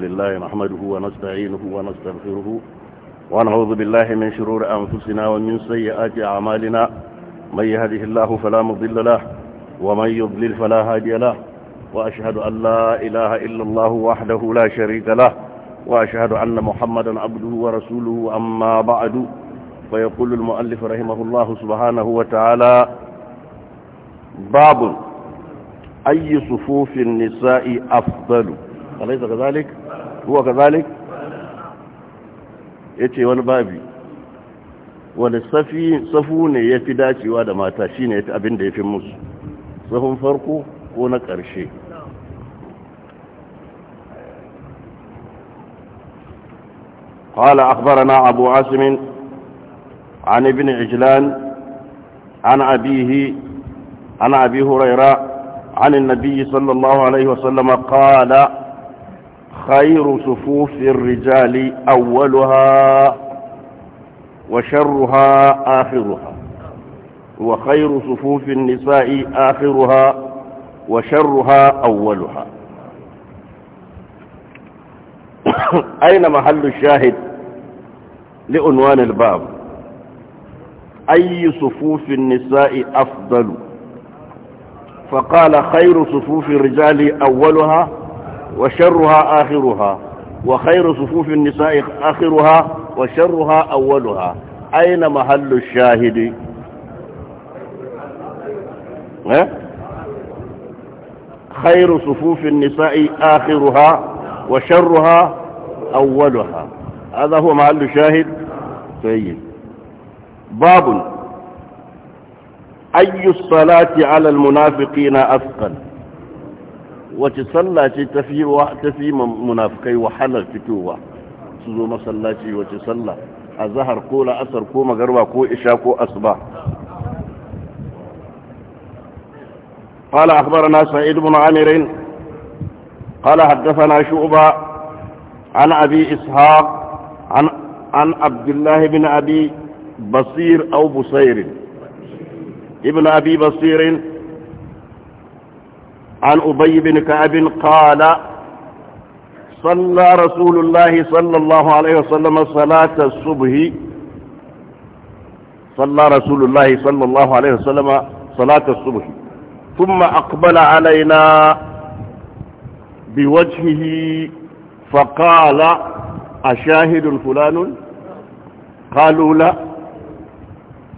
لله نحمده ونستعينه ونستغفره ونعوذ بالله من شرور أنفسنا ومن سيئات أعمالنا من يهده الله فلا مضل له ومن يضلل فلا هادي له وأشهد أن لا إله إلا الله وحده لا شريك له وأشهد أن محمدا عبده ورسوله أما بعد فيقول المؤلف رحمه الله سبحانه وتعالى باب أي صفوف النساء أفضل أليس كذلك؟ هو كذلك يتي وان بابي وان الصفي صفوني يتي داشي وادا ما تاشين يتي أبن دي في موس صفهم فرقو كون كرشي قال أخبرنا أبو عاسم عن ابن عجلان عن أبيه عن أبي هريرة عن النبي صلى الله عليه وسلم قال خير صفوف الرجال أولها وشرها آخرها وخير صفوف النساء آخرها وشرها أولها أين محل الشاهد لعنوان الباب أي صفوف النساء أفضل فقال خير صفوف الرجال أولها وشرها آخرها وخير صفوف النساء آخرها وشرها أولها أين محل الشاهد خير صفوف النساء آخرها وشرها أولها هذا هو محل الشاهد طيب باب أي الصلاة على المنافقين أثقل wace sallah ce tafi munafikai wahalar fitowa su zo masallaci wace sallah a zahar ko la'asar ko magarba ko isha ko asuba قال أخبرنا سعيد بن عامر قال حدثنا شعبة عن أبي إسحاق عن, عن عبد الله بن أبي بصير أو بصير ابن أبي بصير عن أبي بن كعب قال صلى رسول الله صلى الله عليه وسلم صلاة الصبح صلى رسول الله صلى الله عليه وسلم صلاة الصبح ثم أقبل علينا بوجهه فقال أشاهد فلان قالوا لا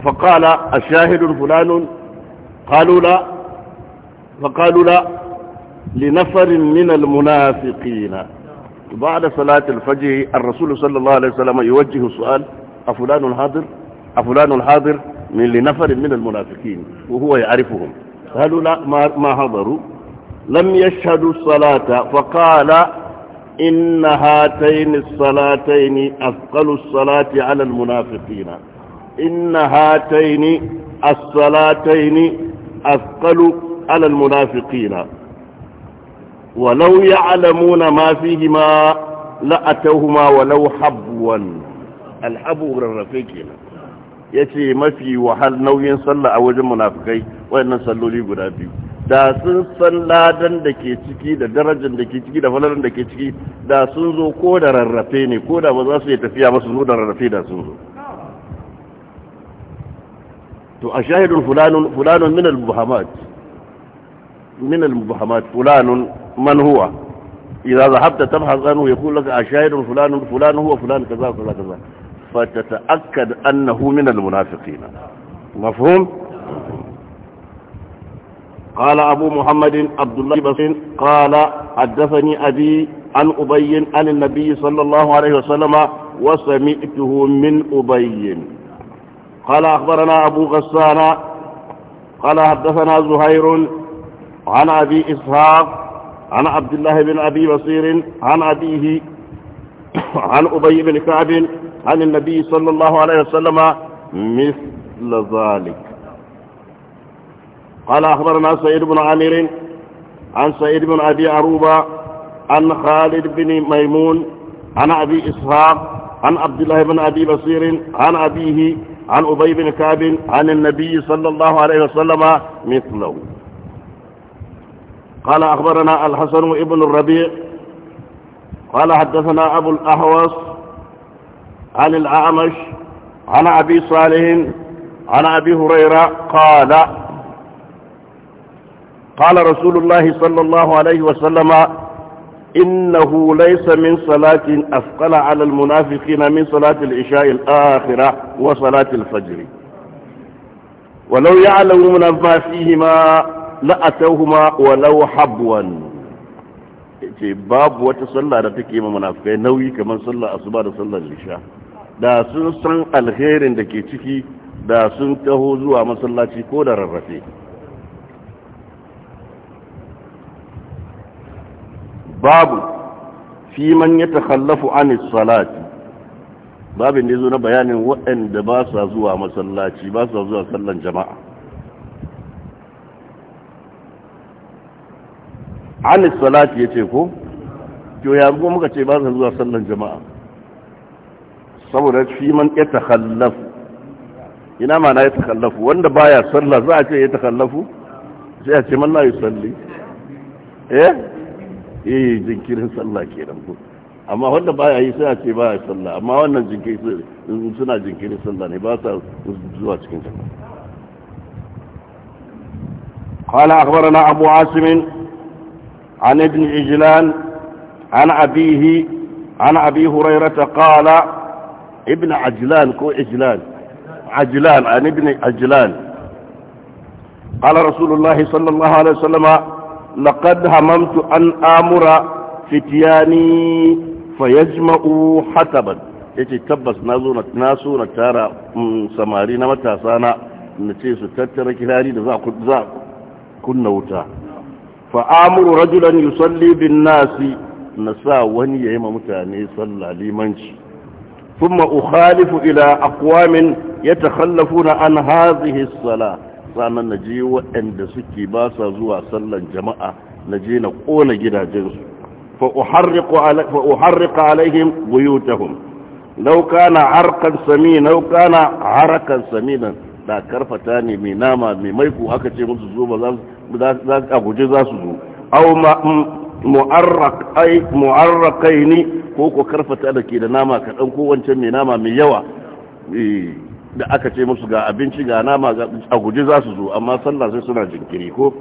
فقال أشاهد فلان قالوا لا فقالوا لا لنفر من المنافقين بعد صلاة الفجر الرسول صلى الله عليه وسلم يوجه سؤال أفلان حاضر أفلان حاضر من لنفر من المنافقين وهو يعرفهم قالوا لا ما, ما حضروا لم يشهدوا الصلاة فقال إن هاتين الصلاتين أثقل الصلاة على المنافقين إن هاتين الصلاتين أثقل على المنافقين ولو يعلمون ما فيهما لأتوهما ولو حبوا الحبو رفيقنا yace mafi wahal nauyin sallah a wajen munafikai wayannan salloli guda biyu da sun san ladan da ke ciki da darajar da ke ciki da falalan da ke ciki da sun zo ko da rarrafe ne ko da ba za su yi tafiya ba su zo da rarrafe da sun zo to a shahidun fulanun min al-buhamat من المبهمات فلان من هو إذا ذهبت تبحث عنه يقول لك أشاهد فلان فلان هو فلان كذا وكذا كذا فتتأكد أنه من المنافقين مفهوم؟ قال أبو محمد عبد الله بن قال حدثني أبي عن أبي عن النبي صلى الله عليه وسلم وسمعته من أبي قال أخبرنا أبو غسان قال حدثنا زهير عن أبي إسحاق عن عبد الله بن أبي بصير عن أبيه عن أبي بن كعب عن النبي صلى الله عليه وسلم مثل ذلك قال أخبرنا سيد بن عامر عن سيد بن أبي عروبة عن خالد بن ميمون عن أبي إسحاق عن عبد الله بن أبي بصير عن أبيه عن أبي بن كعب عن النبي صلى الله عليه وسلم مثله قال أخبرنا الحسن ابن الربيع قال حدثنا أبو الأهوص عن الأعمش عن أبي صالح عن أبي هريرة قال قال رسول الله صلى الله عليه وسلم إنه ليس من صلاة أثقل على المنافقين من صلاة العشاء الآخرة وصلاة الفجر ولو يعلمون ما فيهما wa walau habwan ce babu wata sallah da take ma munafikai nauyi kamar sallah asuba da sallar isha da sun san alherin da ke ciki da sun taho zuwa masallaci ko da rarrafe babu fi man ya takhallafu an salati babin da yazo na bayanin waɗanda ba sa zuwa masallaci ba sa zuwa sallan jama'a anis salati ya ce ko to ya ruwa muka ce ba su zuwa sallan jama'a saboda shi man ya takallafu ina mana ya takallafu wanda baya salla za a ce ya takallafu sai a ce man yi salli eh eh jinkirin ke nan ko amma wanda baya yi sai a ce baya salla amma wannan jinkirin suna jinkirin salla ne ba sa zuwa cikin jama'a قال أخبرنا أبو عاصم عن ابن عجلان عن أبيه عن أبي هريرة قال ابن عجلان كو عجلان عجلان عن ابن عجلان قال رسول الله صلى الله عليه وسلم لقد هممت أن آمر فتياني فيجمعوا حتبا yace تبس نازو نتناسو نتارا so na tara samari na matasa نزاق na ce su فآمر rajulan يصلي bin nasi na sa wani ya yi ma ثم أخالف إلى أقوام يتخلفون عن هذه الصلاة سانا نجي وأند سكي باسا زوا صلى جماعة نجي نقول جدا جنس فأحرق, علي فأحرق عليهم بيوتهم لو كان عرقا سمينا لو كان عرقا سمينا da karfata ne mai nama mai maiko aka ce musu a guje za su zo au mm, mu'arrakai ne ko ko karfata da ke da nama kaɗan ko wancan mai nama mai yawa eh, da aka ce musu ga abinci ga nama a guje za su zo amma sallah sai suna jinkiri ko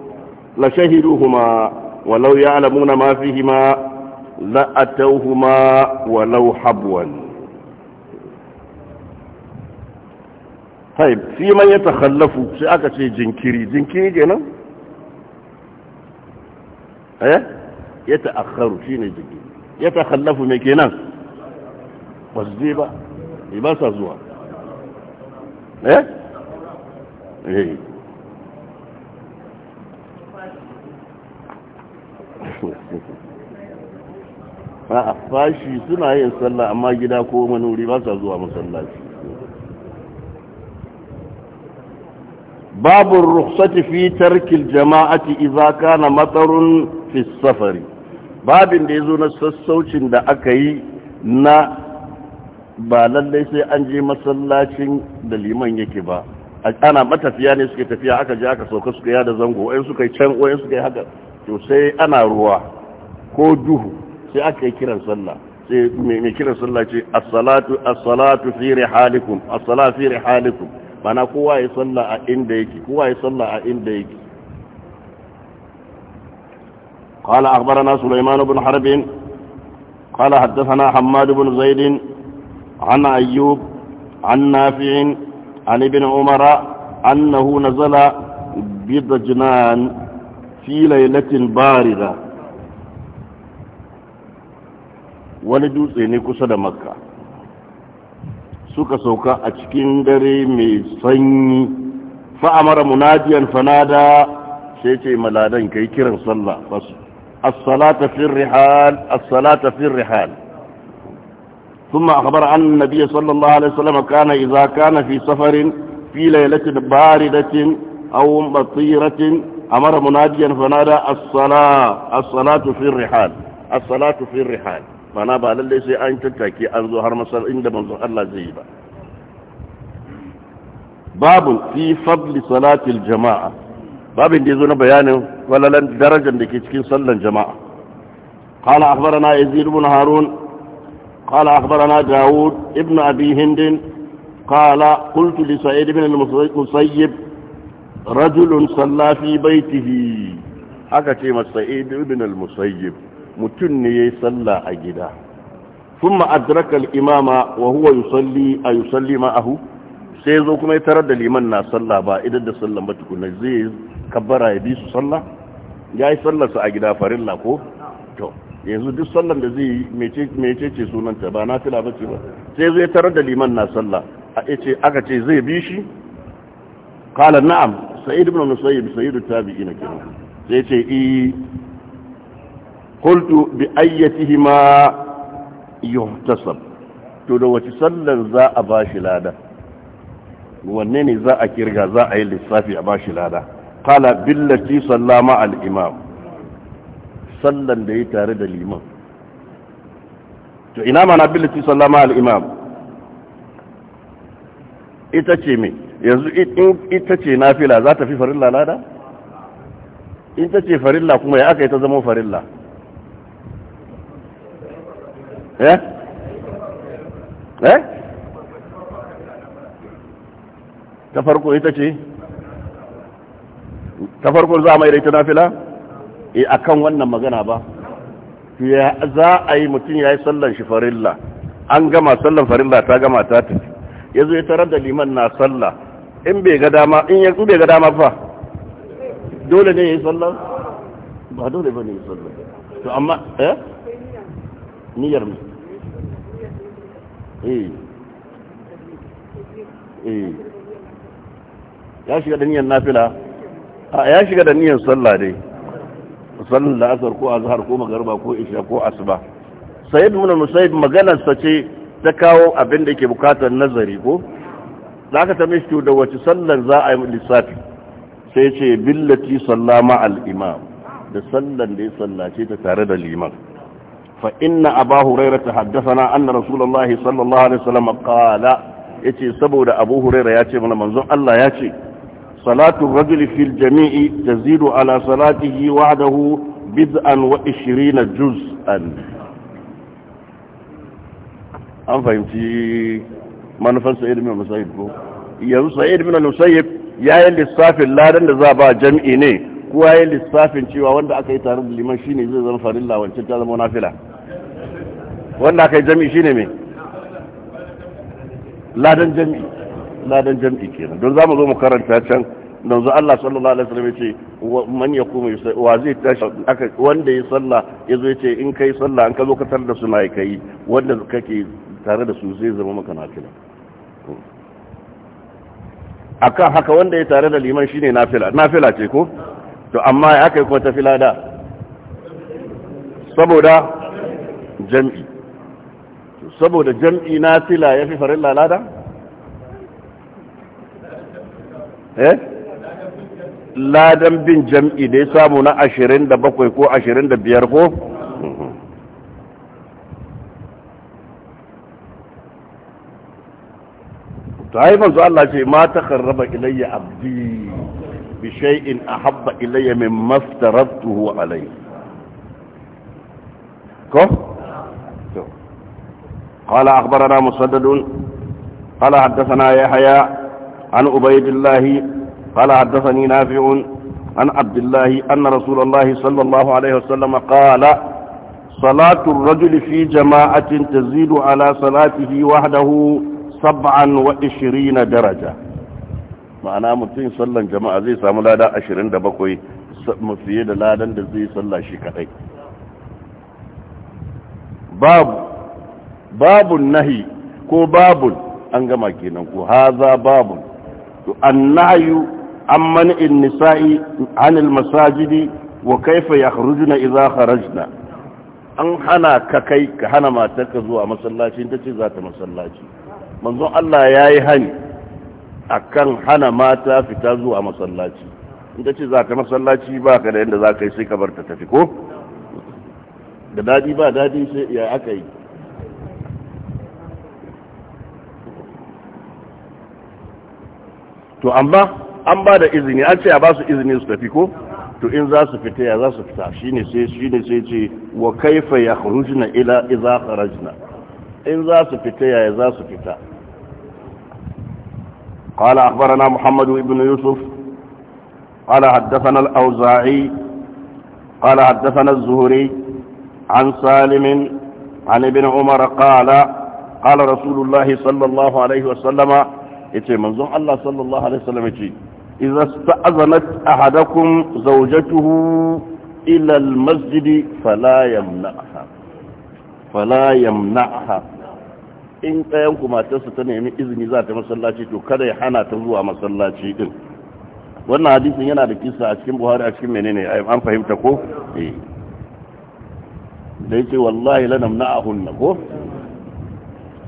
la huma walau ya alamuna ma hima la huma walau habwan fi man ya يتخلف sai aka ce jinkiri jinkiri kenan eh ya ta'akharu shine jiki ya takhallafu me kenan ba su je ba eh, ba sa zuwa eh eh a fashi suna yin sallah amma gida ko manuri ba sa zuwa masallaci babu rukhsati fi tarkil jama'ati idza kana matarun fi safari babin da ya zo na sassaucin da aka yi na ba lallai sai an je masallacin da liman yake ba ana matafiya ne suke tafiya aka je aka sauka suka yada zango wayan suka yi can wayan suka yi haka to sai ana ruwa ko duhu sai aka yi kiran sallah sai mai kiran sallah ce as-salatu as-salatu fi rihalikum as-salatu fi rihalikum bana kowa ya sallah a inda yake kowa ya sallah a inda yake قال أخبرنا سليمان بن حرب قال حدثنا حماد بن زيد عن أيوب عن نافع عن ابن عمر أنه نزل بضجنان في ليلة باردة ولدوس نكس مكة suka sauka a cikin dare mai sanyi fa'amara munadiyan fanada sai ce maladan kai kiran sallah basu الصلاة في الرحال الصلاة في الرحال ثم أخبر عن النبي صلى الله عليه وسلم كان إذا كان في سفر في ليلة باردة أو مطيرة أمر مناديا فنادى الصلاة الصلاة في الرحال الصلاة في الرحال فأنا بعد ليس أن تتكي أن ظهر مصر عند من ظهر الله زيبا باب في فضل صلاة الجماعة babin da ya zo na bayanin walalan darajar da ke cikin sallan jama'a qala akhbarana yazid ibn harun qala akhbarana daud ibn abi hind qala qultu li sa'id ibn al-musayyib rajul salla fi baytihi aka ce ma sa'id ibn musayyib mutun ne yayi salla a gida al-imama wa huwa yusalli a yusalli ma'ahu sai zo kuma ya tarar da liman na sallah ba idan da sallan ba tukuna zai kabbara ya bi su sallah ya yi sallarsa a gida farilla ko to yanzu duk sallar da zai yi mece ce sunanta ba na fila ba ce ba sai zai tarar da liman na sallah a ce aka ce zai bi shi kala na'am sa'id ibn musayyib bi ina kira. sai ce i qultu bi ayyatihima yuhtasab to da wace sallar za a bashi lada wanne ne za a kirga za a yi lissafi a bashi lada qala billati sallama al imam sallan da yi tare da liman to ina mana billati sallama al imam ita ce me yanzu ita ce nafila za ta fi farilla lada ita ce farilla kuma ya aka yi ta zama farilla eh eh ta farko ita ce ta farko za a mai ita nafila e eh, akan wannan magana ba ya za a yi mutum ya yi sallan shi farilla an gama sallan farilla ta gama ta tafi ya zo ya tarar da liman na sallah in bai ga dama in ya bai ga dama fa dole ne ya yi sallan ba dole ba ne ya yi sallan to amma eh niyyar mu eh eh ya shiga da niyyar nafila a ya shiga da niyyar sallah dai sallan da asar ko azhar ko magarba ko isha ko asuba sayyid ibn musayyib maganar sa ce ta kawo abin da ke bukatar nazari ko da aka tambaye shi da wace sallar za a yi lissafi sai ce billati sallama al imam da sallar da ya sallace ta tare da liman fa inna aba hurairah tahaddathana anna rasulullahi sallallahu alaihi wasallam qala yace saboda abu hurairah yace mana manzon Allah yace صلاة الرجل في الجميع تزيد على صلاته وحده بدءا وعشرين جزءا an fahimci manufan sa'id bin musayyib ko yanzu sa'id bin ya yi lissafin ladan da za ba jam'i ne ko yi lissafin cewa wanda aka yi tare da liman shine zai zama farin wancan ta zama nafila wanda aka yi jam'i shine me ladan jam'i ladan jam'i kenan don za mu zo mu karanta can manzo Allah sallallahu alaihi wasallam yace man yakumu wa zai tashi aka wanda ya sallah yazo yace in kai sallah an ka zo ka tar da su yi kai wanda kake tare da su zai zama maka nafila akan haka wanda ya tare da liman shine nafila nafila ce ko to amma ya kai ko ta fila da saboda jam'i saboda jam'i nafila yafi farin lalada eh ladan bin jam'i da ya samu na 27 ko 25 ko to ai manzo Allah ce ma takharraba ilayya abdi bi shay'in ahabba ilayya mimma aftaratuhu alayhi ko to qala akhbarana musaddad qala hadathana yahya عن عبيد الله قال حدثني نافع عن عبد الله أن رسول الله صلى الله عليه وسلم قال صلاة الرجل في جماعة تزيد على صلاته وحده سبعا وعشرين درجة ma'ana mutum sallan jama'a zai samu lada 27 fiye da ladan da zai salla shi kadai babu babun nahi ko babun an gama kenan ko haza babun to an النهي عن منع النساء wa المساجد وكيف يخرجن إذا خرجنا an hana ka kai ka hana matarka zuwa masallaci ta ce za ta masallaci manzon Allah ya yi hani a kan hana mata fita zuwa masallaci in ta ce za ta masallaci ba ka da yadda za ka yi sai ka bar ta tafi ko da dadi ba dadi sai ya aka yi to amma an ba da izini an ce a ba su izini su tafi ko to in za su fita ya za su fita shine sai shine sai ce wa kaifa yakhrujna ila idza kharajna in za su fita ya za su fita قال أخبرنا محمد بن يوسف قال حدثنا الأوزاعي قال حدثنا الزهري عن سالم عن ابن عمر قال قال رسول الله صلى الله عليه وسلم yace manzon Allah sallallahu alaihi wasallam yace idza sta'azanat ahadakum zawjatuhu ila almasjid fala yamna'ha fala yamna'ha in ɗayan ku matarsa ta nemi izini za ta masallaci to kada ya hana ta zuwa masallaci din wannan hadisin yana da kisa a cikin buhari a cikin menene an fahimta ko eh da yake wallahi lanamna'ahunna ko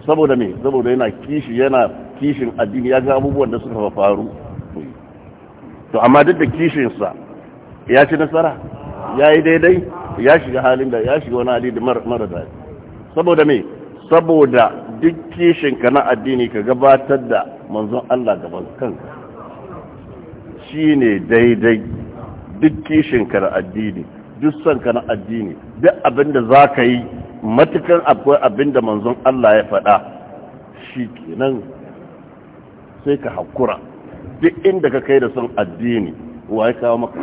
saboda me saboda yana kishi yana kishin addini ya ga abubuwan da suka faru to amma duk da kishinsa ya ci nasara ya yi daidai ya shiga halin da ya shiga wani hali da mara daɗi saboda me saboda duk kishinka na addini ka gabatar da manzon Allah gaban kanka shi daidai duk kishinka na addini duk sanka na addini duk abinda za ka yi matukan akwai abinda manzon Allah ya faɗa shi kenan sai ka hakura duk inda ka kai da sun addini waye kawo maka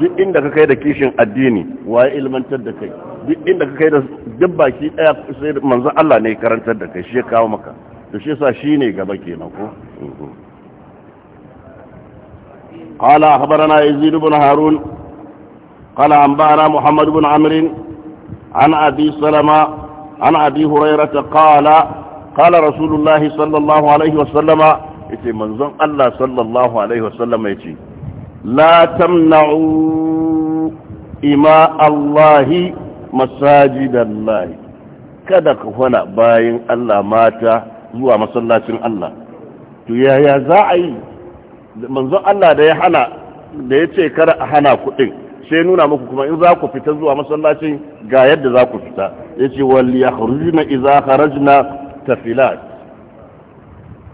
duk inda ka kai da kishin addini waye ilmantar da kai duk inda ka kai da duk baki daya sai manzon Allah ne karantar da kai shi ya kawo maka to shi yasa shine gaba kenan ko قال أخبرنا يزيد بن هارون قال أنبأنا محمد بن عمرو عن أبي سلمة عن أبي هريرة قال قال رسول الله صلى الله عليه وسلم yace manzon Allah sallallahu alaihi wasallam yace la tamna'u ima Allahi masajidallahi kada ku hana bayin Allah mata zuwa masallacin Allah to yaya za a yi manzon Allah da ya hana da yace kada a hana kuɗin sai nuna muku kuma in za ku fita zuwa masallacin ga yadda za ku fita yace wal yakhrujna idza kharajna tafilat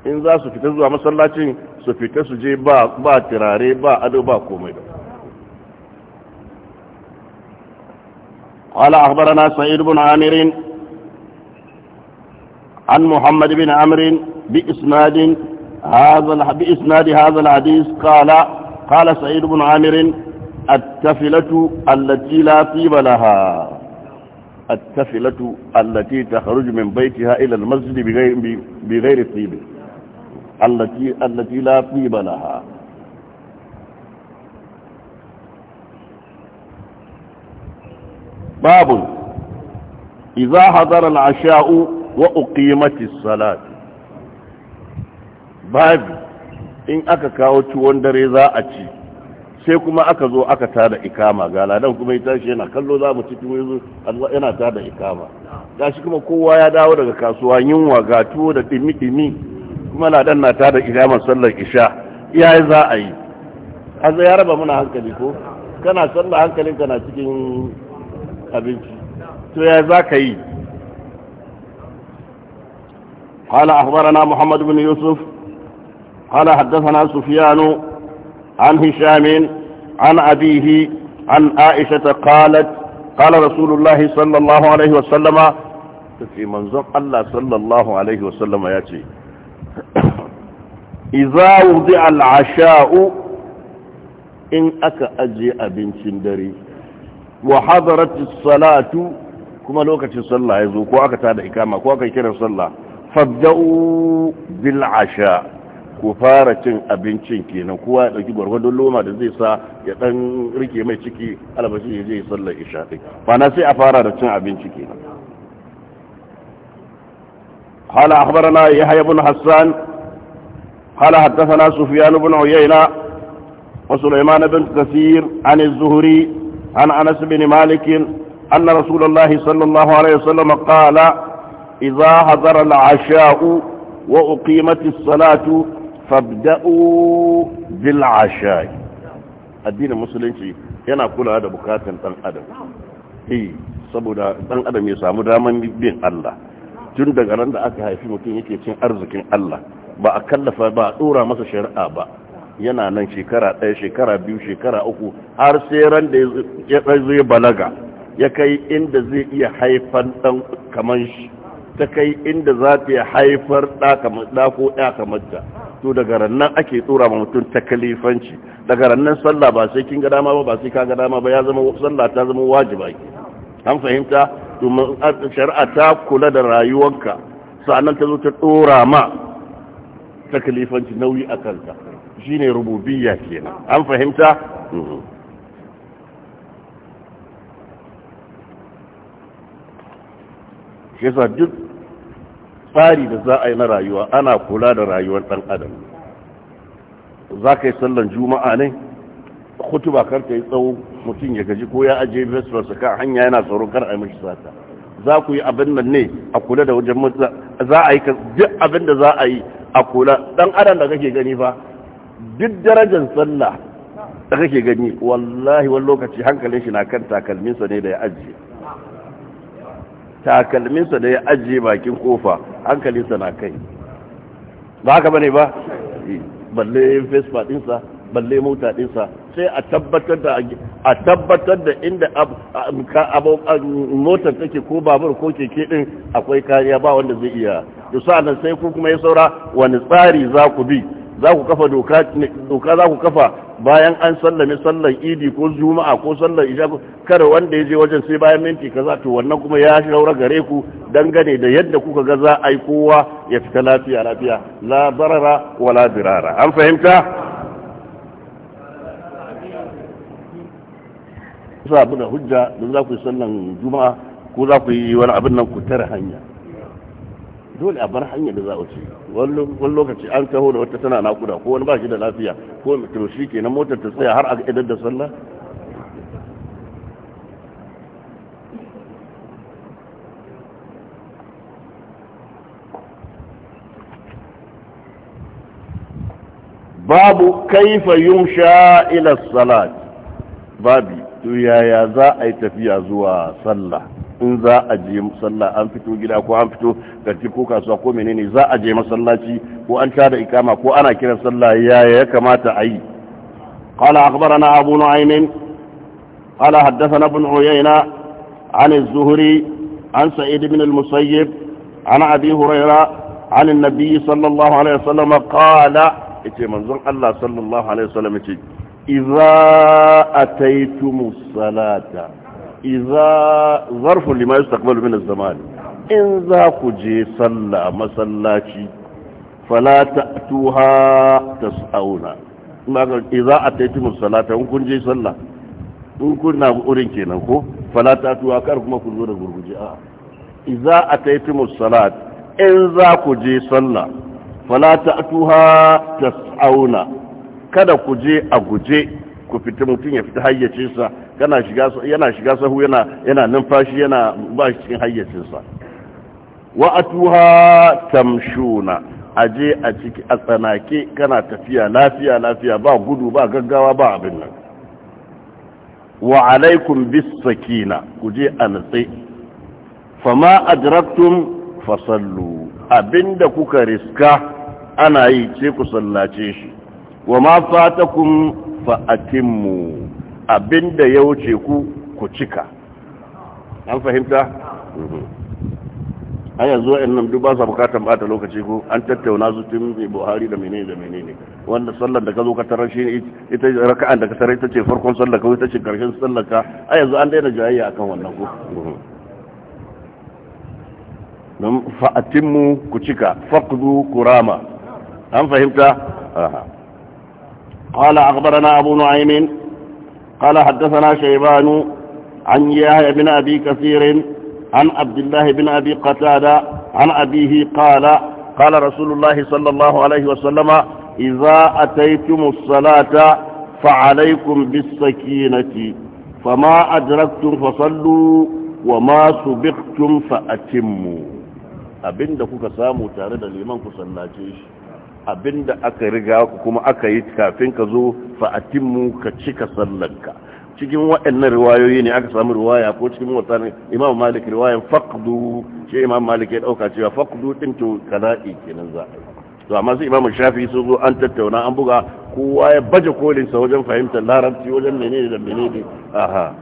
in za su fita zuwa masallacin su fita su je ba turare ba ado ba komai ba قال أخبرنا سعيد بن عامر عن محمد بن عمر بإسناد هذا بإسناد هذا الحديث قال قال سعيد بن عامر التفلة التي لا طيب لها التفلة التي تخرج من بيتها إلى المسجد بغير, بغير طيب allati allati la qiba Babu. babun idza hadara al-asha'u wa uqimati as-salat babu in aka kawo tuwon dare za a ci sai kuma aka zo aka tada ikama ga ladan kuma ya tashi yana kallo za mu ci tuwo yanzu yana tada ikama gashi kuma kowa ya dawo daga kasuwa yin ga tuwo da dimi dimi kuma ladan na tada ikamar sallar isha iyaye za a yi an ya raba muna hankali ko kana sallar hankalin kana cikin abinci to ya za ka yi قال أخبرنا محمد بن يوسف قال حدثنا سفيان عن هشام عن أبيه عن عائشة قالت قال رسول الله صلى الله عليه وسلم في منزق الله صلى الله عليه وسلم يأتي iza wudi al'asha'u in aka ajiye abincin dare wa hadaratu salatu kuma lokacin sallah ya zo ko aka tada ikama ko aka kira sallah fabda'u bil asha ku fara cin abincin kenan kowa ya dauki gwargwadon loma da zai sa ya dan rike mai ciki albashi ya je sallar isha din ba na sai a fara da cin abinci kenan قال أخبرنا يحيى بن حسان قال حدثنا سفيان بن عيينة وسليمان بن كثير عن الزهري عن أنس بن مالك أن رسول الله صلى الله عليه وسلم قال إذا حضر العشاء وأقيمت الصلاة فابدأوا بالعشاء الدين المسلم yana kula هذا بكاتن ɗan adam saboda ɗan adam ya samu daman bin الله tun daga nan da aka haifi mutum yake cin arzikin Allah ba a kallafa ba a dora masa shari'a ba yana nan shekara ɗaya shekara biyu shekara uku har sai ran da ya zai balaga ya kai inda zai iya haifan ɗan kamar shi ta kai inda za ta iya haifar ɗa ko ɗa kamar ta to daga rannan ake tsora ma mutum takalifanci daga rannan sallah ba sai kin ga dama ba ba sai ka ga dama ba ya zama sallah ta zama wajiba an fahimta domin shari'a ta kula da rayuwarka sa'annan ta zo ta dora ma ta kalifanci nauyi a kanta shi ne rububiyya kenan an fahimta mhm. shi yasa duk tsari da za a yi na rayuwa ana kula da rayuwar ɗan adam za ka yi sallan juma'a ne khutuba kar ta yi tsawo mutum ya gaji ko ya aje vesper kan hanya yana tsoron kar a yi mashi sata za ku yi abin nan ne a kula da wajen mutsa za a yi duk abin da za a yi a kula dan adam da kake gani fa duk darajar sallah da kake gani wallahi wani lokaci hankalin shi na kan takalminsa ne da ya ajiye takalminsa da ya ajiye bakin kofa hankalinsa na kai ba haka bane ba balle face sa balle mota sa. sai a tabbatar da inda motar take ko babur ko keke din akwai kariya ba wanda zai iya to nan sai ku kuma ya saura wani tsari za ku bi za ku kafa doka doka za ku kafa bayan an sallame sallar idi ko juma'a ko sallar isha kada wanda ya je wajen sai bayan minti kaza to wannan kuma ya shaura gare ku dangane da yadda kuka ga za a yi kowa ya fita lafiya lafiya la barara wala dirara an fahimta sa abu da hujja don za ku yi sallan juma'a ko za ku yi wani abin nan ku tare hanya dole a bar hanya da za a ce wani lokaci an taho da wata tana nakuda ko wani ba shi da lafiya ko to shi ke na motar ta tsaya har a idan da sallah babu kaifa yunsha ila salat babi to yaya za a yi tafiya zuwa sallah in za a je sallah an fito gida ko an fito garki ko kasuwa ko menene za a je masallaci ko an tada ikama ko ana kiran sallah yaya ya kamata a yi قال أخبرنا أبو نعيم قال حدثنا ابن عيينة عن الزهري عن سعيد بن المسيب عن أبي an عن النبي صلى الله عليه وسلم قال إتي manzon allah sallallahu الله wa sallam ce. iza a ataytumus salata iza zarfu lima yustaqbalu min az-zaman in za ku je sallah masallaci fala ta sauna. iza a ataytumus salata in kun je sallah in kun na urin kenan ko fala tuha, kar kuma ku zo da gurguje a iza ataytumus salat in za ku je sallah fala ta sauna. kada ku je a guje ku fita mutum ya fita hayyacinsa yana shiga sahu yana numfashi yana ba shi cikin hayyacinsa wa tamshuna aje a ciki a tsanake kana tafiya lafiya lafiya ba gudu ba gaggawa ba abin nan wa alaikum bis sakina ku je a natsi fama adraktum fasallu abinda kuka riska ana yi ce ku sallace shi wa ma fatakum fa atimmu abinda ya wuce ku ku cika an fahimta mhm. an yanzu wa'annan duk ba sa bukatar bata lokaci ko an tattauna su tun mai buhari da menene da menene wanda sallar da ka zo ka tarar shi ita raka'an da ka tarar ita ce farkon sallar ka ita ce karshen sallar ka a yanzu an daina jayayya akan wannan ko mhm. don fa'atinmu ku cika faqdu kurama an fahimta aha قال أخبرنا أبو نعيم قال حدثنا شيبان عن يحيى بن أبي كثير عن عبد الله بن أبي قتادة عن أبيه قال قال رسول الله صلى الله عليه وسلم إذا أتيتم الصلاة فعليكم بالسكينة فما أدركتم فصلوا وما سبقتم فأتموا أبندك كسامو تارد الإمام كسلاتيش abinda aka riga kuma aka yi kafin ka zo fa'atimmu ka cika sallanka cikin waɗannan riwayoyi ne aka samu riwaya ko cikin ne imam malik riwayan faqdu shi imam malik ya dauka cewa faqdu din to kala'i kenan za a yi to amma sai imam shafi su zo an tattauna an buga kowa ya baje kolin sa wajen fahimtar larabci wajen menene da menene aha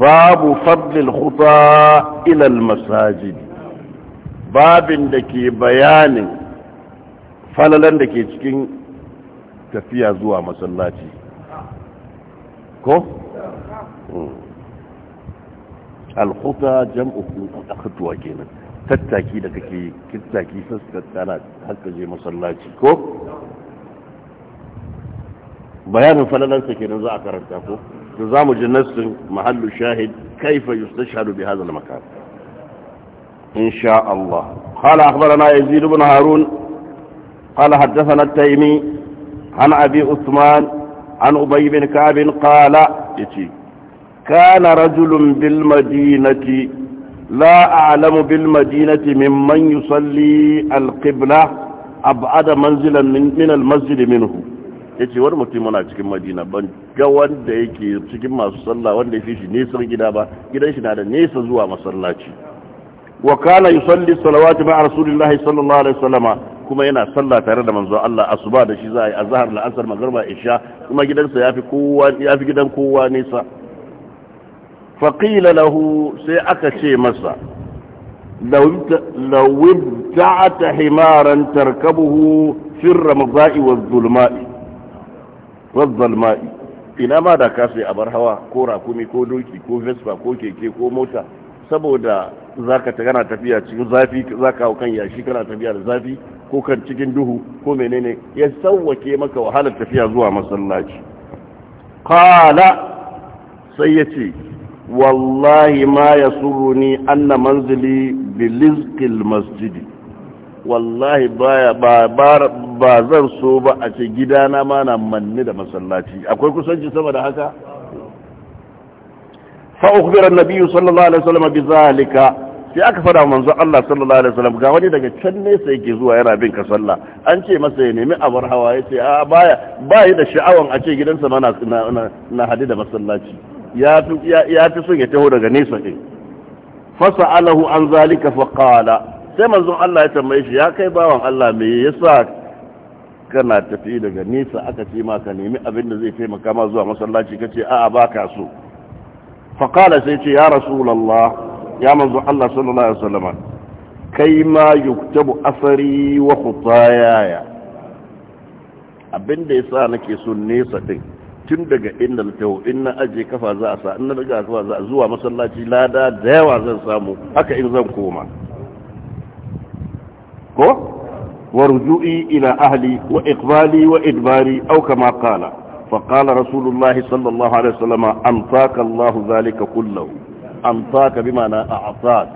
babu fadlil khuta ila masajid babin da ke bayanin falalan da ke cikin tafiya zuwa masallaci ko hmm. al-khuta jam'u khutwa kenan tattaki da kake tattaki saskatana haka je masallaci ko bayanin sa kenan za a karanta ko نظام جنس محل الشاهد كيف يستشهد بهذا المكان إن شاء الله قال أخبرنا يزيد بن هارون قال حدثنا التيمي عن أبي عثمان عن أبي بن كعب قال كان رجل بالمدينة لا أعلم بالمدينة ممن يصلي القبلة أبعد منزلا من, من المسجد منه ya ce wani mutum muna cikin madina ban ga wanda yake cikin masu sallah wanda ya fi shi nisan gida ba gidan shi na da nesa zuwa masallaci wa kana yusalli salawati ma'a rasulillahi sallallahu alaihi wasallama kuma yana sallah tare da manzo Allah asuba da shi za a yi azhar la'asar magriba isha kuma gidansa ya fi gidan kowa nesa fakila lahu sai aka ce masa law ta himaran tarkabuhu fi ramada'i waz-zulma'i wazzalma'i ina ma da kasai a bar hawa ko rakumi ko doki ko vespa ko keke ko mota saboda za ka gana tafiya cikin zafi za ka hau kan yashi kana tafiya da zafi ko kan cikin duhu ko menene ya sauwake maka wahalar tafiya zuwa masallaci kala sai ya ce wallahi ma ya suruni anna manzili bilizkil masjidi wallahi baya ba zan so ba a ce gidana ma na manni da masallaci akwai kusanci sama da haka fa Nabiyu sallallahu alaihi wasallam bi zalika sai aka fada manzo Allah sallallahu alaihi wasallam ga wani daga can nesa yake zuwa yana bin ka sallah an ce masa ya nemi abar hawa yace a baya bai da sha'awan a ce gidansa ma na na hadi da masallaci ya fi ya fi son ya taho daga nesa din Fasa Alahu an zalika fa qala sai manzon Allah ya tambaye shi ya kai bawan Allah me yasa kana tafi daga nesa aka ce ma ka nemi abin da zai taimaka ma zuwa masallaci kace a a baka so fa qala sai ce ya rasulullah ya manzon Allah sallallahu alaihi wasallam kai ma yuktabu asari wa khutayaya abin da yasa nake so nesa din tun daga inda na taho in na aje kafa za a sa in na daga kafa za a zuwa masallaci lada da yawa zan samu haka in zan koma ko wa ila ahli wa iqbali wa idbari aw kama qala fa qala rasulullahi sallallahu alaihi wasallam amsaka Allahu zalika kullahu amsaka bima'ana a'tak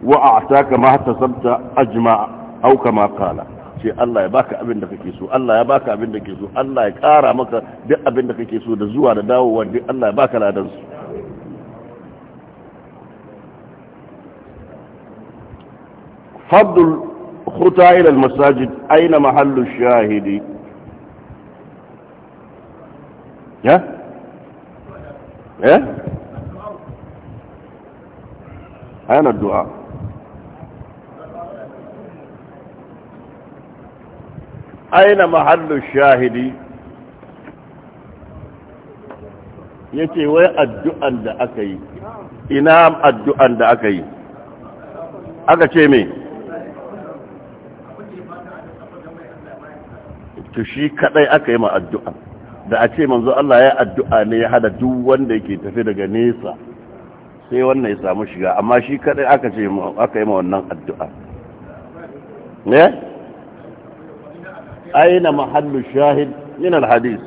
wa a'taka ma tasabta ajma' aw kama qala ce Allah ya baka abin da kake so Allah ya baka abin da kake so Allah ya kara maka duk abin da kake so da zuwa da dawowa duk Allah ya baka ladan su فض الخطى إلى المساجد أين محل الشاهد ها ها اين الدعاء أين محل الشاهد yace wai addu'an da aka yi ina addu'an da aka yi aka ce to shi kadai aka yi ma addu'a da a ce manzo Allah ya addu'a ne ya hada duk wanda yake tafi daga nesa sai wannan ya samu shiga amma shi kadai aka ce aka yi ma wannan addu'a ne aina mahallu shahid min alhadis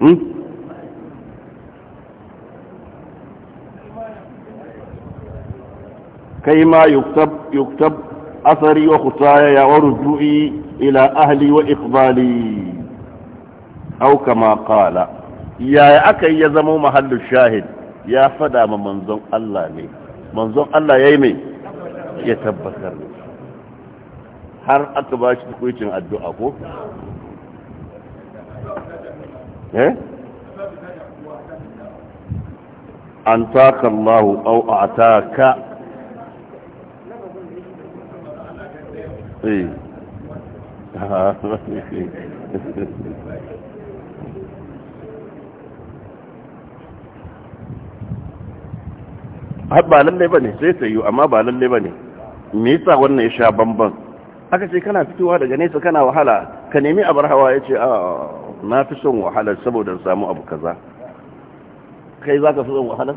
hmm kai ma yuktab yuktab asari wa kusaya ya wara duɗi ila ahali wa iƙbali. Hauka ma ƙala. Yaya a ka iya zamo muhallin Sahin? Ya faɗa ma manzon Allah ne. Manzon Allah ya yi mai? Ya tabbatar. Har aka bashi da ƙuncin addu'a ko? An taka lahu au ba lalle ba ne sai ta yi amma ba lalle ba ne me yasa wannan ya sha bamban aka ce kana fitowa daga nesa kana wahala ka nemi bar hawa ya ce a na fi son wahalar saboda samu abu kaza kai za ka fi son wahalar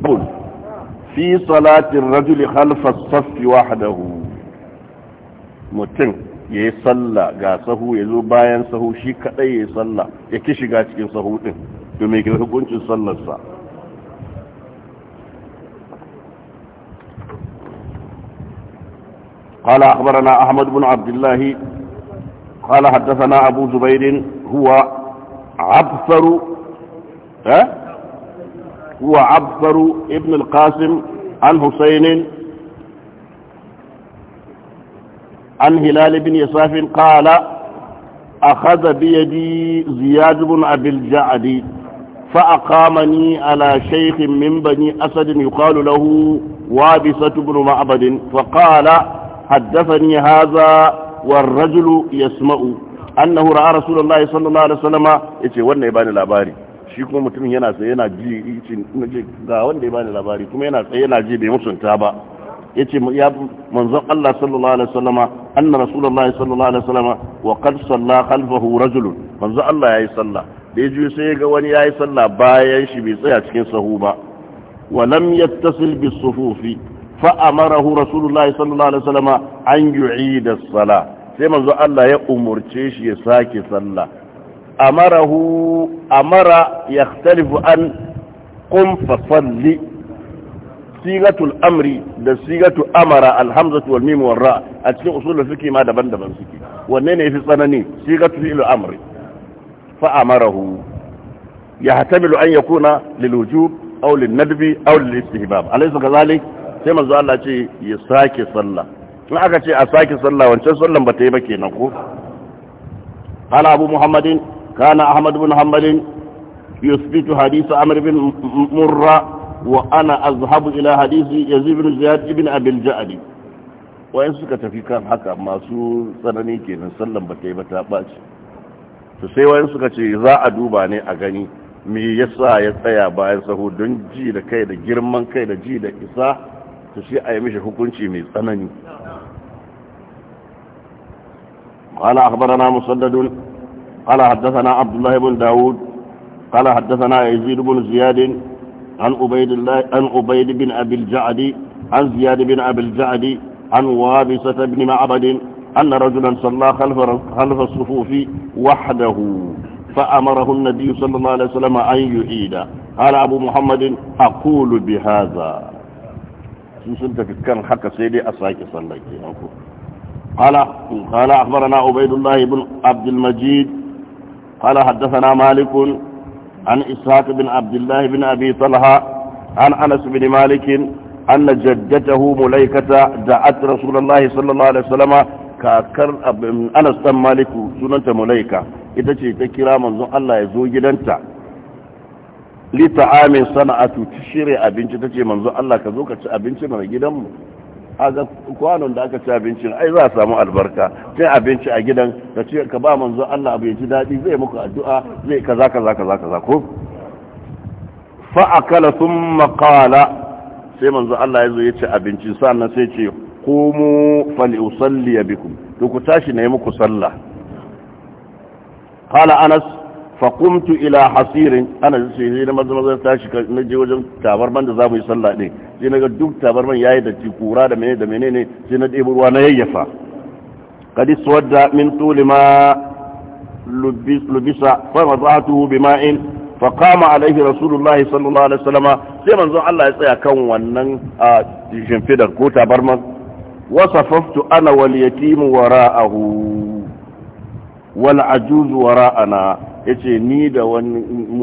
بول في صلاة الرجل خلف yayi sallah ga sahu ya zo bayan sahu shi kadai yayi sallah ya ki shiga cikin sahu ɗin to me hukuncin sallarsa قال أخبرنا أحمد بن عبد الله قال حدثنا أبو زبير هو عبثر أه؟ هو عبر ابن القاسم عن حسين عن هلال بن يساف قال أخذ بيدي زياد بن أبي الجعد فأقامني على شيخ من بني أسد يقال له وابسة بن معبد فقال حدثني هذا والرجل يسمع أنه رأى رسول الله صلى الله عليه وسلم يتي ون يبان الأباري shi kuma mutumin yana tsaye yana ji ga wanda ya bani labari kuma yana tsaye yana ji bai mutunta ba yace ya manzon Allah sallallahu alaihi wasallama anna rasulullahi sallallahu alaihi wasallama wa qad salla khalfahu rajul manzon Allah yayi sallah da yaji sai ga wani yayi sallah bayan shi bai tsaya cikin sahu ba wa lam yattasil bis sufufi fa amarahu rasulullahi sallallahu alaihi wasallama an yu'ida as-salah sai manzon Allah ya umurce shi ya sake sallah amarahu amara yaxtalifu an qum fa salli sigatul amri da sigatu amara alhamzatu wal mim wal ra a cikin usulul fiqh ma daban-daban suke wanne ne yafi tsanani sigatu fi'l amri fa amarahu yahtamilu an yakuna lil wujub aw lin nadbi aw lil istihbab alaysa kadhalik sai manzo Allah ce ya sake sallah in aka ce a sake sallah wancan sallan ba ta yi ba kenan ko قال أبو محمد كان أحمد بن حنبل يثبت حديث عمرو بن مرة وأنا أذهب إلى حديث يزيد بن زياد بن أبي الجعد وإن سكت في كان حكى ما سوء سنني كينا سلم بكيبة تاباتي فسيوين سكت إذا أدوباني أغني me yasa ya tsaya bayan saho don ji da kai da girman kai da ji da isa ta shi a yi mishi hukunci mai tsanani قال أخبرنا مسدد قال حدثنا عبد الله بن داود قال حدثنا يزيد بن زياد عن عبيد الله عن عبيد بن أبي الجعد عن زياد بن أبي الجعد عن وابسة بن معبد أن رجلا صلى خلف خلف الصفوف وحده فأمره النبي صلى الله عليه وسلم أن يعيد قال أبو محمد أقول بهذا سنت كان حق سيدي أساك صلى الله عليه وسلم قال أخبرنا عبيد الله بن عبد المجيد قال حدثنا مالك عن إسحاق بن عبد الله بن أبي طلحة عن أنس بن مالك أن جدته مليكة دعت رسول الله صلى الله عليه وسلم kakar anas dan sunanta mulaika ita ce ta kira manzon Allah ya zo gidanta li ta'amin sana'atu ta shirya abinci ta ce manzon Allah ka zo ka ci abinci mana gidanmu A ga kwanon da aka ci abincin ai za a samu albarka sai abinci a gidan ka ce ka ba manzo Allah abu ya ji daɗi zai muku addu'a zai kaza kaza kaza kaza ko fa akala thumma qala sai manzo Allah yazo ya ci abinci sannan sai ce qumu usalli bikum to ku tashi ne muku sallah qala Anas faƙumtu ila hasirin ana sai sai na maza maza tashi na je wajen tabarman da za mu yi sallah ne sai naga duk tabarman yayi da kura da menene da menene sai na ɗebo ruwa na yayyafa kadi suwadda min tuli ma lubisa fa wada'tuhu bima'in fa qama alaihi rasulullahi sallallahu alaihi wasallam sai manzo Allah ya tsaya kan wannan shimfidar ko tabarman wasafaftu ana wal yatimu wara'ahu wal ajuz wara'ana yace ni da wani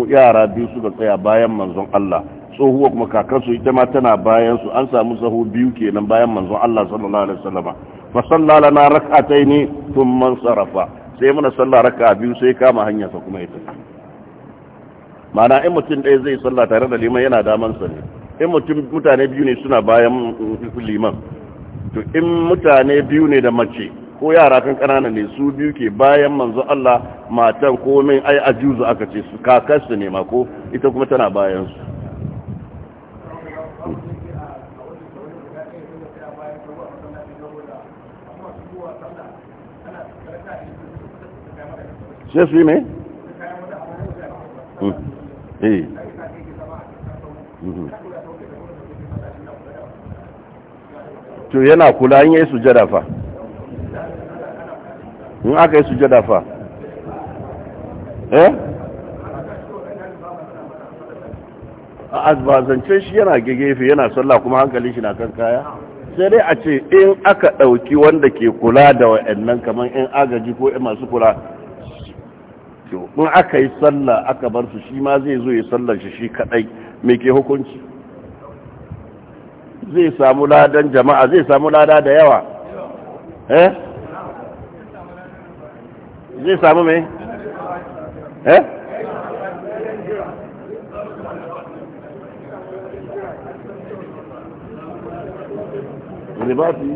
yara biyu suka tsaya bayan manzon Allah tsohuwa kuma kakansu ita ma tana bayan su an samu sahu biyu kenan bayan manzon Allah sallallahu alaihi wasallama fa sallala na rak'ataini thumma sarafa sai muna sallah raka biyu sai kama hanya sa kuma ita mana in mutum ɗaya zai sallah tare da liman yana daman sa ne in mutum mutane biyu ne suna bayan liman to in mutane biyu ne da mace ko yara kan kanana ne su biyu ke bayan manzo Allah matan min ai ajuzu aka ce su kakarsu ne ma ko ita kuma tana bayan su sai su yi mai? Hmm. Eh. Hmm. to yana kula yin yi in aka yi sujada fa eh a azbazancin shi yana gegefe yana sallah kuma hankali shi na kan kaya sai dai a ce in aka ɗauki wanda ke kula da wa'annan kamar in agaji ko in masu kula in aka yi sallah aka bar su shi ma zai zo ya sallar shi shi kadai mai ke hukunci zai samu ladan jama'a zai samu lada da yawa eh zai samu mai eh ribati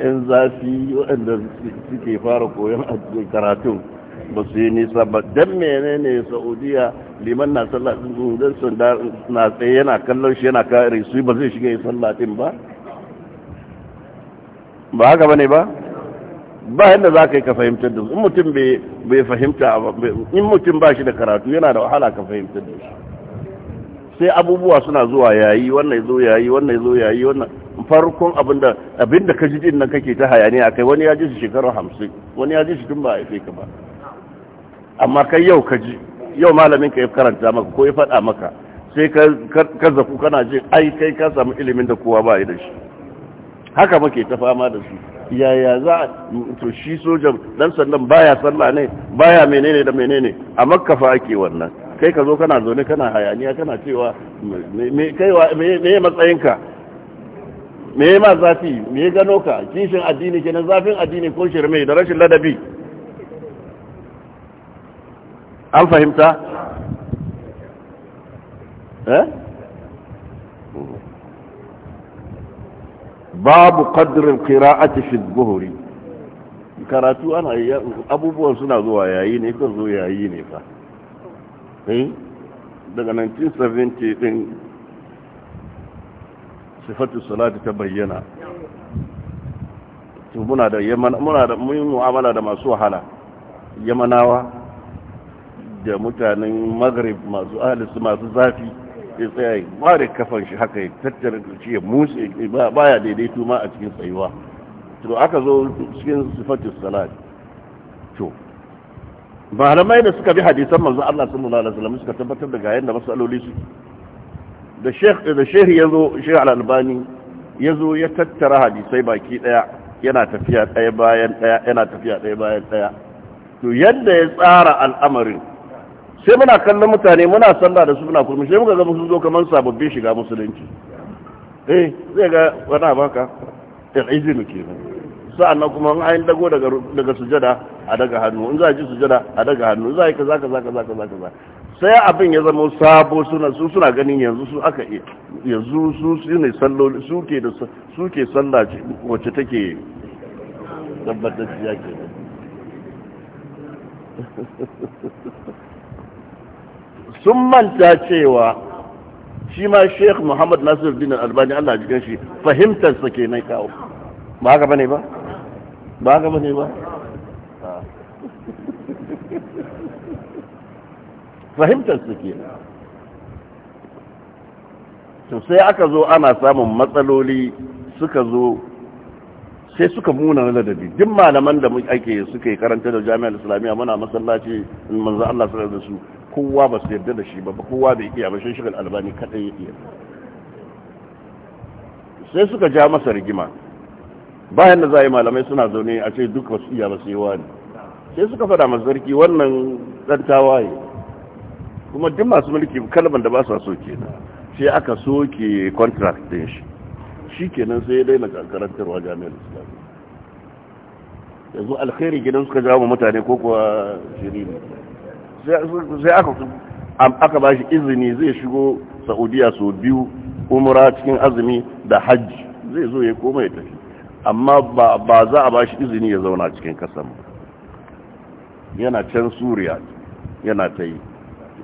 in zafi waɗanda suke fara koyon karatun ba su yi nisa ba don menene saudiya liman na sallah sun don sanda na tsaye yana kallon shi yana kare su ba zai shiga yi sallatin din ba ba haka ba ne ba ba yadda za ka yi ka fahimtar da su in mutum bai fahimta in mutum ba shi da karatu yana da wahala ka fahimtar da shi sai abubuwa suna zuwa yayi wannan ya zo yayi wannan ya zo yayi wannan farkon abinda abinda ka ji din nan kake ta hayaniya kai wani ya ji shi shekaru 50 wani ya ji shi tun ba a ka ba amma kai yau ka ji yau malamin ka ya karanta maka ko ya faɗa maka sai ka zafu kana jin ai kai ka samu ilimin da kowa ba da shi haka muke ta fama da su yaya za a to shi sojan dan sandan baya sallah ne baya menene da menene a makka fa ake wannan kai ka zo kana zaune kana hayaniya kana cewa me kaiwa me ka me ma zafi me gano ka kishin addini kenan zafin addini ko shirme da rashin ladabi an fahimta eh? babu qadrin qira'ati fi buhuri karatu ana abubuwan suna zuwa yayi ne kan zo yayi ne fa eh? daga 1970 din sifatu salati ta bayyana to muna da muna da mu'amala da masu wahala yamanawa da mutanen maghrib masu ahalisu masu zafi ya tsaya ba da kafan shi haka ya tattara shi ya musu baya daidai tuma a cikin tsayuwa to aka zo cikin sifatis salat to malamai da suka bi hadisan manzo Allah sallallahu alaihi wasallam suka tabbatar da ga yanda masaloli su da sheikh da sheikh yazo sheikh al-albani yazo ya tattara hadisai baki daya yana tafiya daya bayan daya yana tafiya daya bayan daya to yadda ya tsara al'amarin sai muna kallon mutane muna sallah da su muna kurmi sai muka ga sun zo kamar sababbin shiga musulunci eh zai ga wani ta baka al'izinu kenan sa'annan kuma an ayin dago daga daga sujada a daga hannu in za a ji sujada a daga hannu za a yi kaza kaza kaza kaza kaza sai abin ya zama sabo suna su suna ganin yanzu su aka yi yanzu su su ne salloli su ke da su ke salla wacce take tabbatar tabbatacciya kenan sun manta cewa shi ma sheikh muhammad nasir din albani allah jikin shi sa ke nan kawo ba haka bane ba ba haka bane ba sa ke to sai aka zo ana samun matsaloli suka zo sai suka muna na ladabi duk malaman da ake suka yi karanta da jami'ar islamiyya muna masallaci in manzo Allah sallallahu alaihi wasallam kowa ba su yarda da shi ba kowa bai iya ba shi shigar albani kadai ya iya sai suka ja masa rigima bayan da za a yi malamai suna zaune a ce duk ba su yi wa ne wani sai suka fada masu zarki wannan dan tawaye kuma duk masu mulki kalban da ba su so ke sai aka soke contract din shi shi kenan sai ya daina karantarwa jami'ar islamiyya yanzu alkhairi gidan suka jawo mutane ko kuwa shiri ne sai aka aka ba shi izini zai shigo saudiya sau biyu umura cikin azumi da hajji zai zo ya koma ya tafi amma ba za a ba shi izini ya zauna cikin kasan yana can suriya yana ta yi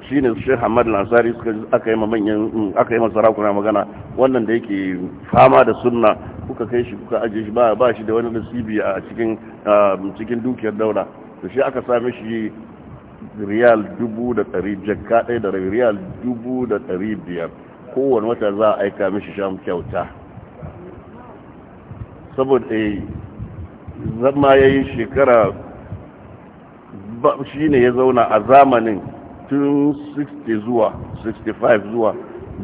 shi ne shi hamadu lansari aka yi manyan mm, aka yi kuna magana wannan da yake fama da sunna kuka kai shi kuka ajiye shi ba shi da wani nasibi a ah, cikin dukiyar daula to shi aka same shi riyal dubu da ɗari jakka ɗaya da riyal dubu da ɗari biyar kowane wata za a aika mishi sham kyauta saboda eh, zama ya yi shekara shi ne ya zauna a zamanin tun 60 zuwa 65 zuwa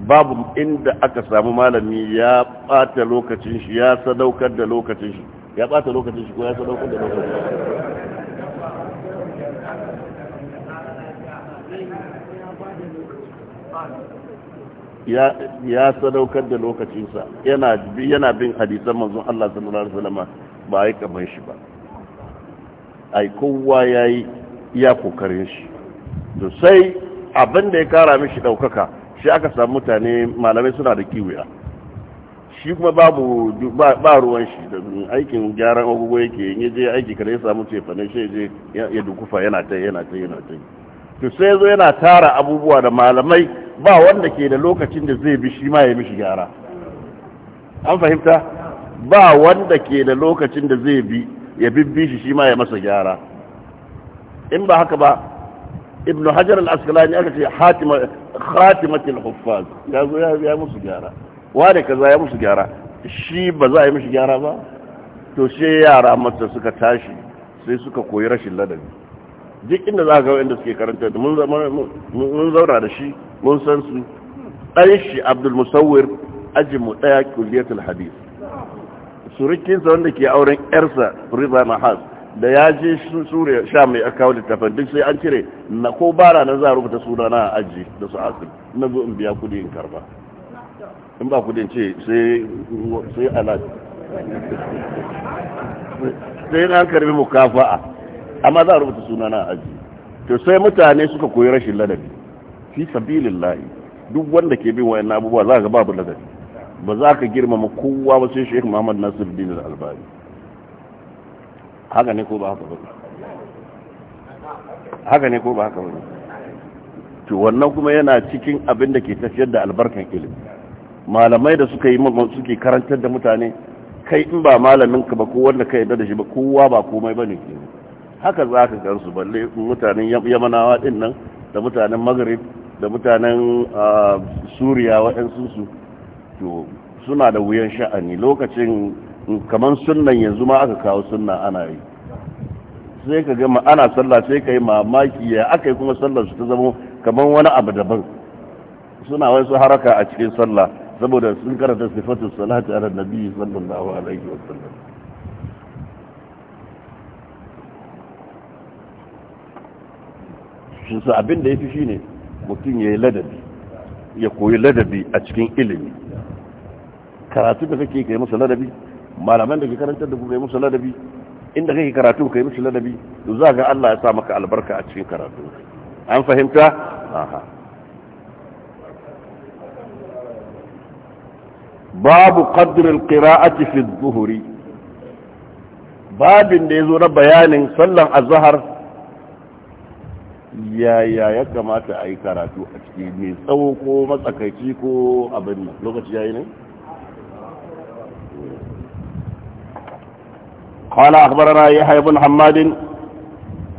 babu inda aka samu malami ya ɓata lokacin shi ya sadaukar da lokacin shi ya ɓata lokacin shi ko ya sadaukar da lokacin shi ya sadaukar da lokacinsa yana bin hadisan manzon Allah sallallahu alaihi wasallam ba yi kamar shi ba ai kowa yayi ya kokarin shi to sai abinda ya kara mishi daukaka shi aka samu mutane malamai suna da kiwuya shi kuma babu ba ruwan shi da aikin gyaran agogo yake yi je aiki kare ya samu cefane shi ya dukufa yana ta yana ta yana ta to sai zo yana tara abubuwa da malamai ba wanda ke da lokacin da zai bi shi ma ya mishi gyara an fahimta ba wanda ke da lokacin da zai bi ya bibbi shi shi ma ya masa gyara in ba haka ba ibnu hajar al-asqalani aka ce hatima khatimatul huffaz ya zo ya musu gyara wane kaza ya musu gyara shi ba za a yi mishi gyara ba to sai yara masa suka tashi sai suka koyi rashin ladabi duk inda za a ga wanda suke karanta da mun zaura da shi mun san su ɗan shi abdul musawwir ajinmu ɗaya kulliyatul hadith surukinsa wanda ke auren yarsa riza nahas da ya je suriya sha mai akawo littafin duk sai an cire na ko bara na za a rubuta suna na aji da su asir na zo in biya kudi in karba in ba kudin ce sai alaji sai na karbi mukafa'a amma za a rubuta sunana a aji to sai mutane suka koyi rashin ladabi fi sabilillahi duk wanda ke bin wayan abubuwa za ka babu ladabi ba za ka girmama kowa ba sai Sheikh Muhammad bin Al-Albani haka ne ko ba haka ba haka ne ko ba haka ba to wannan kuma yana cikin abin da ke tafiyar da albarkan ilimi malamai da suka yi suke karantar da mutane kai in ba malamin ka ba ko wanda ka yarda da shi ba kowa ba komai bane kenan haka za ka gansu balle mutanen yamanawa din nan da mutanen maghrib da mutanen suriya waɗansu su to suna da wuyan sha'ani lokacin kamar sunnan yanzu ma aka kawo sunna ana yi sai ka gama ana sallah sai ka yi mamaki ya aka yi kuma sallar su ta zama kamar wani abu daban suna wasu haraka a cikin sallah saboda sun karanta sifatun salati ala nabi sallallahu alaihi wasallam shi su abin da ya fi shine mutum ya yi ladabi ya koyi ladabi a cikin ilimi karatu da kake kai musu ladabi malaman da ke karantar da kai musu ladabi inda kake karatu kai musu ladabi to za ga Allah ya sa maka albarka a cikin karatu an fahimta aha babu qadr al-qira'ati fi adh-dhuhri babin da yazo na bayanin sallan azhar yaya ya kamata a yi karatu a ciki mai tsawo ko matsakaici ko abin nan lokaci yayi ne قال أخبرنا يحيى بن حماد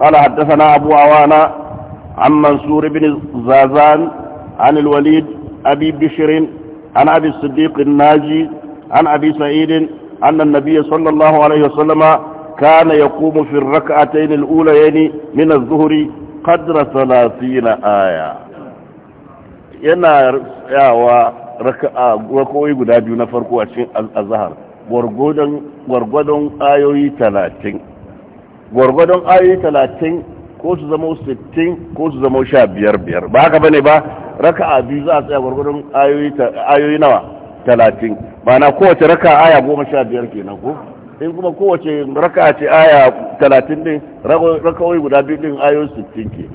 قال حدثنا أبو عوانة عن منصور بن زازان عن الوليد أبي بشر عن أبي الصديق الناجي عن أبي سعيد أن النبي صلى الله عليه وسلم كان يقوم في الركعتين الأوليين من الظهر qadra salatina aya yana tsayawa raka'a raka'o'i guda biyu na farko a cikin azhar gwargwadon gwargwadon ayoyi 30 gwargwadon ayoyi 30 ko su zama 60 ko su zama 15 biyar ba haka bane ba raka'a biyu za a tsaya gwargwadon ayoyi ayoyi nawa 30 ma'ana kowace raka'a aya 15 kenan ko in kuma kowace raka ce aya talatin din rakawai guda biyu din ayon sittin ke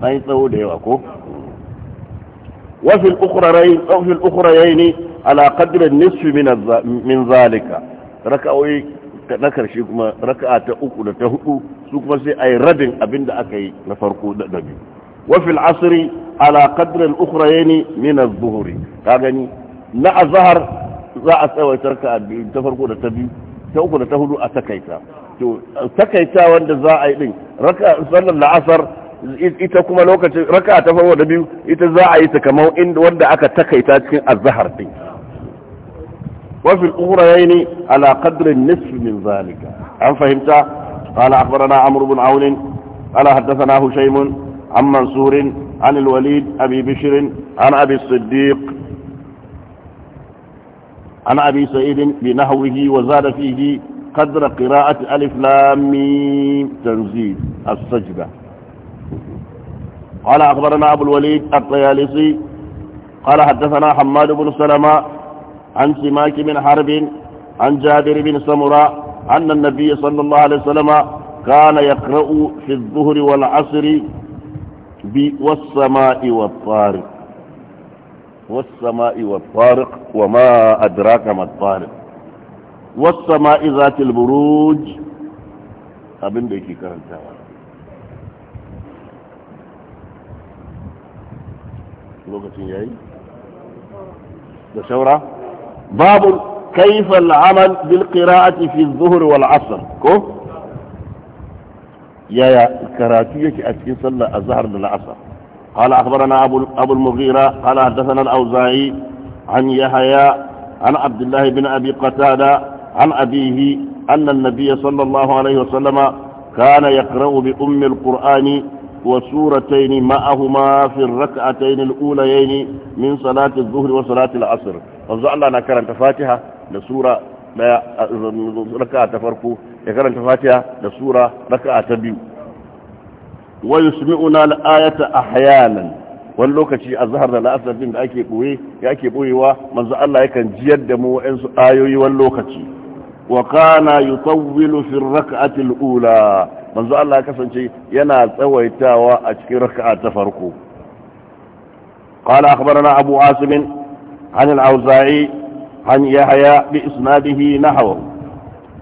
an yi tsawo da yawa ko wafin ukurarai wafin ukurarai ne ala qadrin nisfi min zalika rakawai na karshe kuma raka ta uku da ta hudu su kuma sai a yi rabin abin da aka yi na farko da ɗabi. wafin asiri ala qadrin ukurarai ne min zuhuri zuhri ka gani na azhar za a tsawaita raka'a ta farko da ta biyu ta uku da ta hudu a takaita to takaita wanda za a yi din raka sallar la'asar ita kuma lokacin raka ta farko da biyu ita za a yi ta kamar inda wanda aka takaita cikin azhar din wa fil ukhrayn ala qadri nisf min zalika an fahimta قال أخبرنا عمرو بن عون قال حدثنا هشيم عن منصور عن الوليد أبي بشر عن أبي الصديق عن أبي سعيد بنحوه وزاد فيه قدر قراءة ألف لام ميم تنزيل السجدة قال أخبرنا أبو الوليد الطيالسي قال حدثنا حماد بن سلمة عن سماك بن حرب عن جابر بن سمرة أن النبي صلى الله عليه وسلم كان يقرأ في الظهر والعصر والسماء والطارق والسماء والطارق وما أدراك ما الطارق والسماء ذات البروج أبن بيكي تاوان لغة جاي بشورة باب كيف العمل بالقراءة في الظهر والعصر كو يا يا الكراتية أتكي صلى الظهر للعصر قال أخبرنا أبو, أبو المغيرة قال حدثنا الأوزاعي عن يحيى عن عبد الله بن أبي قتادة عن أبيه أن النبي صلى الله عليه وسلم كان يقرأ بأم القرآن وسورتين معهما في الركعتين الأوليين من صلاة الظهر وصلاة العصر فانظر الله أنا كرنت فاتحة لسورة ركعة فرقو يكرنت فاتحة لسورة ركعة بيو ويسمعنا الآية أحيانا واللوكة الظهر للأسف من أكي قوي يأكي قوي ومنذ الله يكن جيدم وإنس آيوي واللوكة وكان يطول في الركعة الأولى منذ الله يكسن شيء ينا تويتا وأشكي ركعة تفرقو قال أخبرنا أبو عاصم عن العوزاعي عن يحيى بإسناده نحوه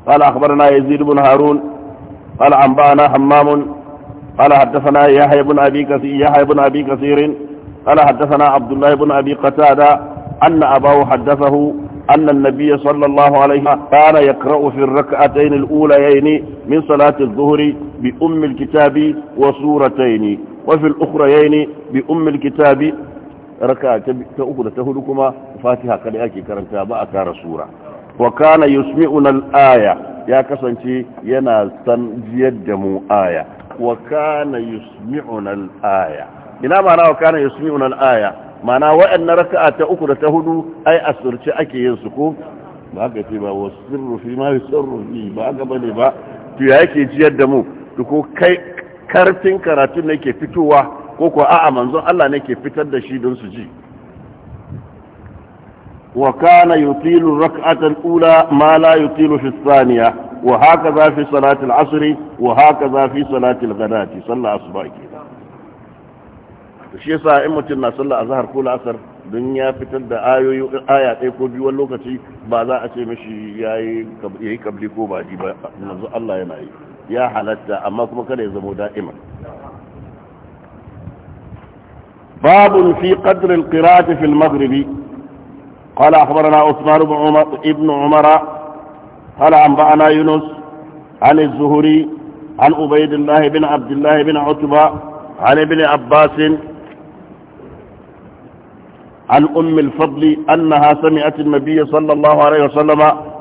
قال أخبرنا يزيد بن هارون قال عن حمام قال حدثنا يحيى بن أبي كثير يحيى بن أبي كثير قال حدثنا عبد الله بن أبي قتادة أن أباه حدثه أن النبي صلى الله عليه وسلم كان يقرأ في الركعتين الأوليين من صلاة الظهر بأم الكتاب وسورتين وفي الأخريين بأم الكتاب ركعة تأخذ تهلكما فاتحة قد أكي كرنتا بأكار سورة وكان يسمعنا الآية يا كسنتي ينا سنجيد آية wa kana yusmi'una al-aya ina ma'ana wa kana yusmi'una al-aya ma'ana wa'annan raka'a ta uku da ta hudu ai asurci ake yin su ko ba ka ce ba wasirru fi ma yusirru fi ba ga bane ba to ya yake jiyar da mu ko kai karfin karatun ne ke fitowa ko ko a'a manzon Allah ne ke fitar da shi don su ji wa kana yutilu rak'atan ula ma la yutilu fi thaniya وهكذا zafi صلاة العصر وهكذا في صلاة الغداة صلى أصبعك shi yasa in mutum na sallah azhar ko la'asar don ya fitar da ayoyi aya ɗaya ko biyu lokaci ba za a ce mashi yayi yayi kabli ko baji ba yanzu Allah yana yi ya halatta amma kuma kada ya zama da'ima babu fi qadr al-qira'ati fi al-maghribi qala akhbarana usman ibnu umar قال أنبأنا يونس عن الزهري عن عبيد الله بن عبد الله بن عتبة عن ابن عباس عن أم الفضل أنها سمعت النبي صلى الله عليه وسلم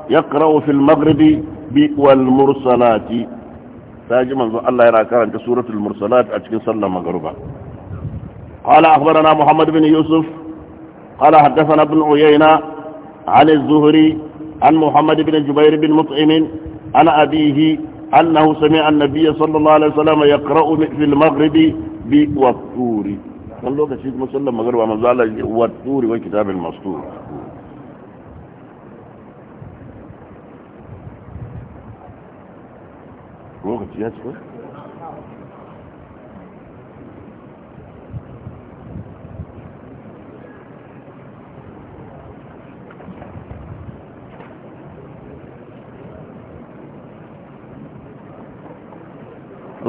يقرأ في المغرب والمرسلات تاج من الله يراك عند سورة المرسلات أتكن صلى مغربا قال أخبرنا محمد بن يوسف قال حدثنا ابن عيينة عن الزهري عن محمد بن جبير بن مطعم عن أبيه أنه سمع النبي صلى الله عليه وسلم يقرأ في المغرب والطور كان لوكا كشيك مسلم مغرب وما زال والطور وكتاب المسطور لو كشيك